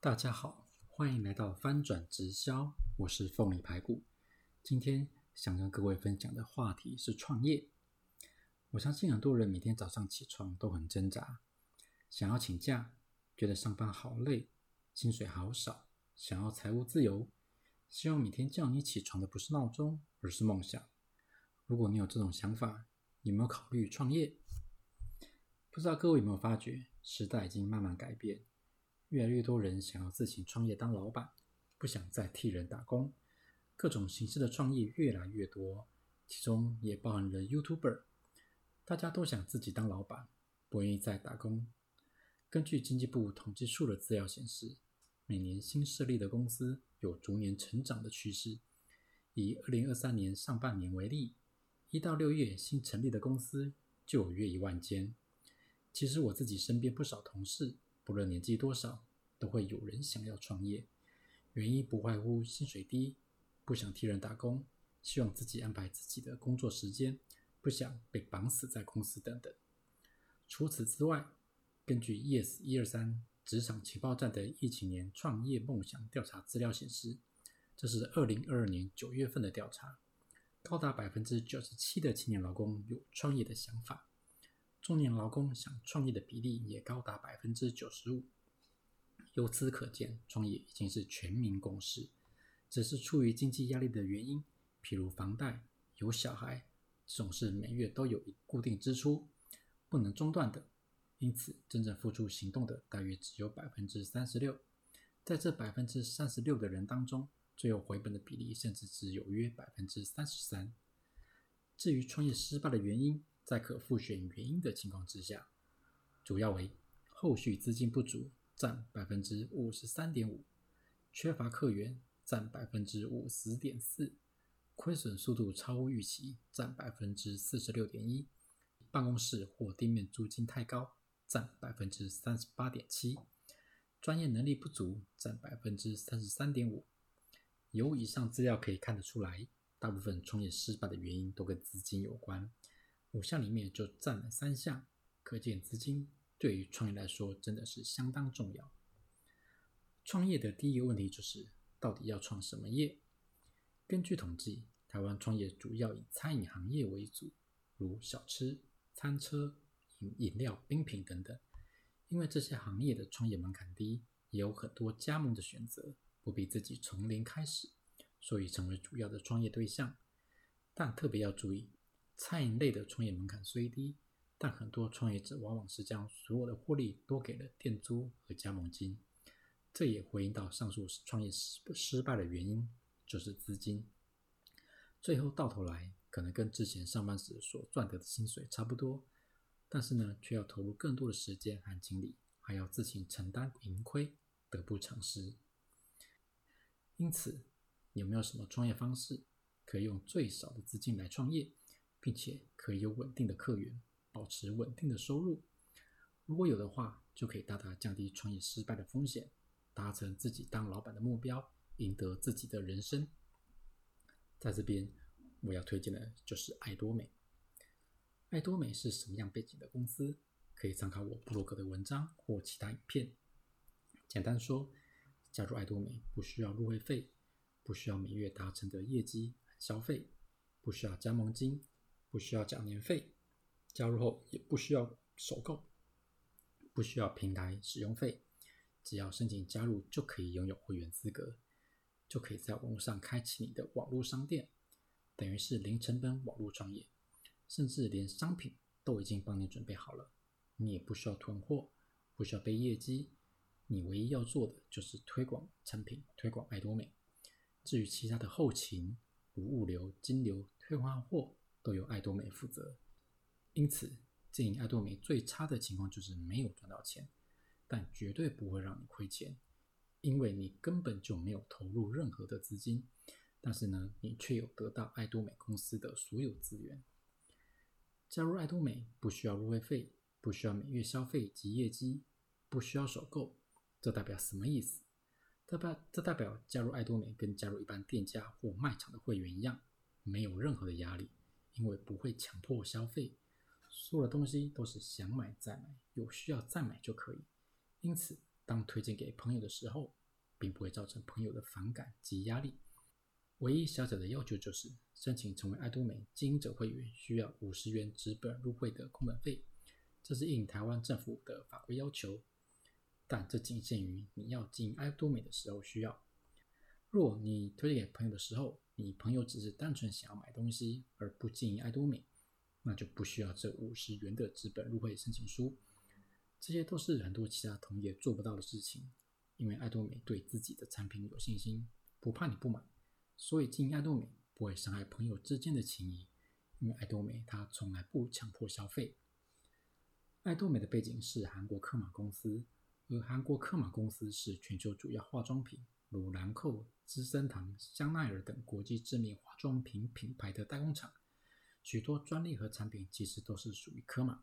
大家好，歡迎來到翻轉直銷。我是鳳梨排骨，今天想跟各位分享的話題是創業。我相信很多人每天早上起床都很掙扎，想要請假，覺得上班好累，薪水好少，想要財務自由，希望每天叫你起床的不是鬧鐘，而是夢想。如果你有這種想法，你有沒有考慮創業？不知道各位有沒有發覺，時代已經慢慢改變。越來越多人想要自行創業當老闆，不想再替人打工，各種形式的創業越來越多，其中也包含了 YouTuber。大家都想自己當老闆，不願意再打工。根據經濟部統計處的資料顯示，每年新設立的公司有逐年成長的趨勢。以二零二三年上半年為例，一到六月新成立的公司就有約一萬間。其實我自己身邊不少同事，無論年紀多少，都會有人想要創業。原因不外乎薪水低，不想替人打工，希望自己安排自己的工作時間，不想被綁死在公司等等。除此之外，根據 Yes 123職場情報站的疫情年創業夢想調查資料顯示，這是二零二二年九月份的調查，高達百分之九十七的青年勞工有創業的想法。中年勞工想創業的比例也高達百分之九十五，由此可見，創業已經是全民共識。只是出於經濟壓力的原因，譬如房貸、有小孩，總是每月都有固定支出，不能中斷的。因此，真正付出行動的大約只有百分之三十六。在這百分之三十六的人當中，最有回本的比例甚至只有約百分之三十三。至於創業失敗的原因，在可複選原因的情況之下，主要為後續資金不足，占百分之五十三點五；缺乏客源，占百分之五十點四；虧損速度超乎預期，占百分之四十六點一；辦公室或店面租金太高，占百分之三十八點七；專業能力不足，占百分之三十三點五。由以上資料可以看得出來，大部分創業失敗的原因都跟資金有關。五項裡面就占了三項，可見資金對於創業來說真的是相當重要。創業的第一個問題就是，到底要創什麼業？根據統計，台灣創業主要以餐飲行業為主，如小吃、餐車、飲飲料、冰品等等。因為這些行業的創業門檻低，也有很多加盟的選擇，不必自己從零開始，所以成為主要的創業對象。但特別要注意，餐飲類的創業門檻雖低，但很多創業者往往是將所有的獲利都給了店租和加盟金。這也回應到上述創業失失敗的原因，就是資金。最後到頭來，可能跟之前上班時所賺得的薪水差不多，但是呢，卻要投入更多的時間和精力，還要自行承擔盈虧，得不償失。因此，有沒有什麼創業方式可以用最少的資金來創業？並且可以有穩定的客源，保持穩定的收入。如果有的話，就可以大大降低創業失敗的風險，達成自己當老闆的目標，贏得自己的人生。在這邊，我要推薦的就是愛多美。愛多美是什麼樣背景的公司？可以參考我部落格的文章或其他影片。簡單說，加入愛多美不需要入會費，不需要每月達成的業績消費，不需要加盟金。不需要繳年費，加入後也不需要首購，不需要平台使用費，只要申請加入就可以擁有會員資格，就可以在網絡上開啟你的網絡商店，等於是零成本網絡創業，甚至連商品都已經幫你準備好了，你也不需要囤貨，不需要背業績，你唯一要做的就是推廣產品，推廣愛多美。至於其他的後勤，如物流、金流、退換貨。都由艾多美負責，因此，經營艾多美最差的情況就是沒有賺到錢，但絕對不會讓你虧錢，因為你根本就沒有投入任何的資金，但是呢，你卻有得到艾多美公司的所有資源。加入艾多美不需要入會費，不需要每月消費及業績，不需要首購，這代表什麼意思？這代這代表加入艾多美跟加入一般店家或賣場的會員一樣，沒有任何的壓力。因為不會強迫消費，所有的東西都是想買再買，有需要再買就可以。因此，當推薦給朋友的時候，並不會造成朋友的反感及壓力。唯一小小的要求就是，申請成為愛多美經營者會員需要五十元紙本入會的工本費，這是應台灣政府的法規要求。但這僅限於你要進愛多美的時候需要。若你推薦給朋友的時候，你朋友只是單純想要買東西，而不經營艾多美，那就不需要這五十元的資本入會申請書。這些都是很多其他同業做不到的事情，因為艾多美對自己的產品有信心，不怕你不買。所以經營艾多美不會傷害朋友之間的情誼，因為艾多美它從來不強迫消費。艾多美的背景是韓國科瑪公司，而韓國科瑪公司是全球主要化妝品，如蘭蔻。資生堂、香奈兒等國際知名化妝品品牌的代工廠，許多專利和產品其實都是屬於科瑪。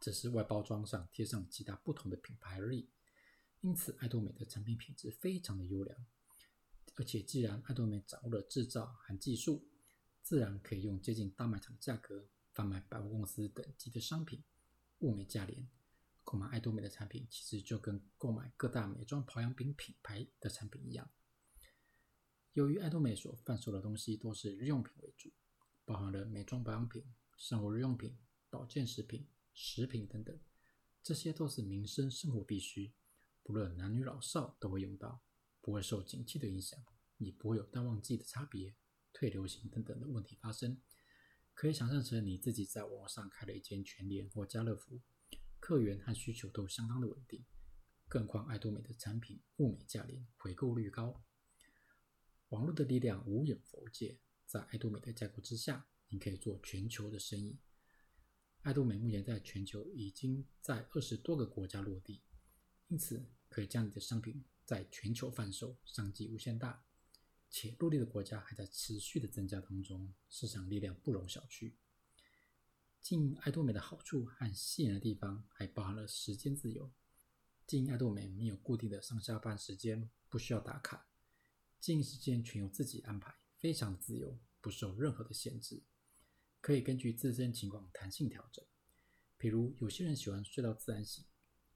只是外包裝上貼上其他不同的品牌而已。因此，愛多美的產品品質非常的優良，而且既然愛多美掌握了製造和技術，自然可以用接近大賣場的價格販賣百貨公司等級的商品，物美價廉。購買愛多美的產品，其實就跟購買各大美妝保養品品牌的產品一樣。由於愛多美所販售的東西多是日用品為主，包含了美妝保養品、生活日用品、保健食品、食品等等，這些都是民生生活必需，不論男女老少都會用到，不會受景氣的影響，也不會有淡旺季的差別、退流行等等的問題發生。可以想象成你自己在網上開了一間全聯或家樂福，客源和需求都相當的穩定，更何況愛多美的產品物美價廉，回購率高。網絡的力量無遠弗屆，在愛多美的架構之下，你可以做全球的生意。愛多美目前在全球已經在二十多個國家落地，因此可以將你的商品在全球販售，商機無限大。且落地的國家還在持續的增加當中，市場力量不容小覷。經營愛多美的好處和吸引的地方還包含了時間自由，經營愛多美沒有固定的上下班時間，不需要打卡。經營時間全由自己安排，非常自由，不受任何的限制，可以根據自身情況彈性調整。比如，有些人喜歡睡到自然醒，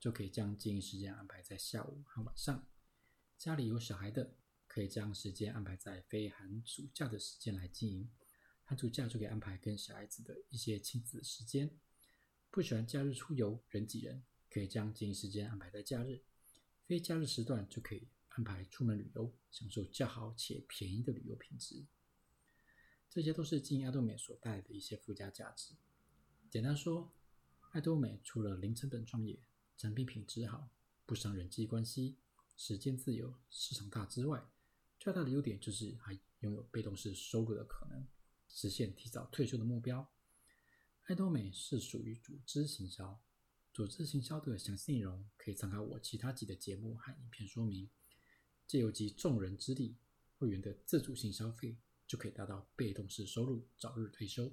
就可以將經營時間安排在下午和晚上。家裡有小孩的，可以將時間安排在非寒暑假的時間來經營。寒暑假就可以安排跟小孩子的一些親子時間。不喜歡假日出遊、人擠人，可以將經營時間安排在假日，非假日時段就可以，安排出門旅遊，享受較好且便宜的旅遊品質。這些都是經營愛多美所帶來的一些附加價值。簡單說，愛多美除了零成本創業、產品品質好、不傷人際關係、時間自由、市場大之外，最大的優點就是還擁有被動式收入的可能，實現提早退休的目標。愛多美是屬於組織行銷，組織行銷的詳細內容可以參考我其他集的節目和影片說明。借由集眾人之力，會員的自主性消費就可以達到被動式收入，早日退休。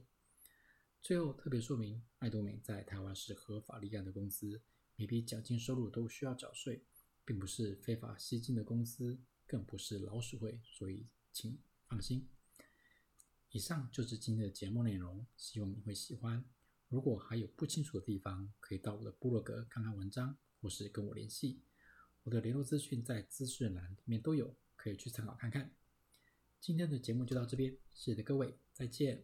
最後特別說明，愛多美在台灣是合法立案的公司，每筆獎金收入都需要繳稅，並不是非法吸金的公司，更不是老鼠會，所以請放心。以上就是今天的節目內容，希望你會喜歡。如果還有不清楚的地方，可以到我的部落格看看文章，或是跟我聯繫。的聯絡資訊在資訊欄裡面都有，可以去參考看看。今天的節目就到這邊，謝謝各位，再見。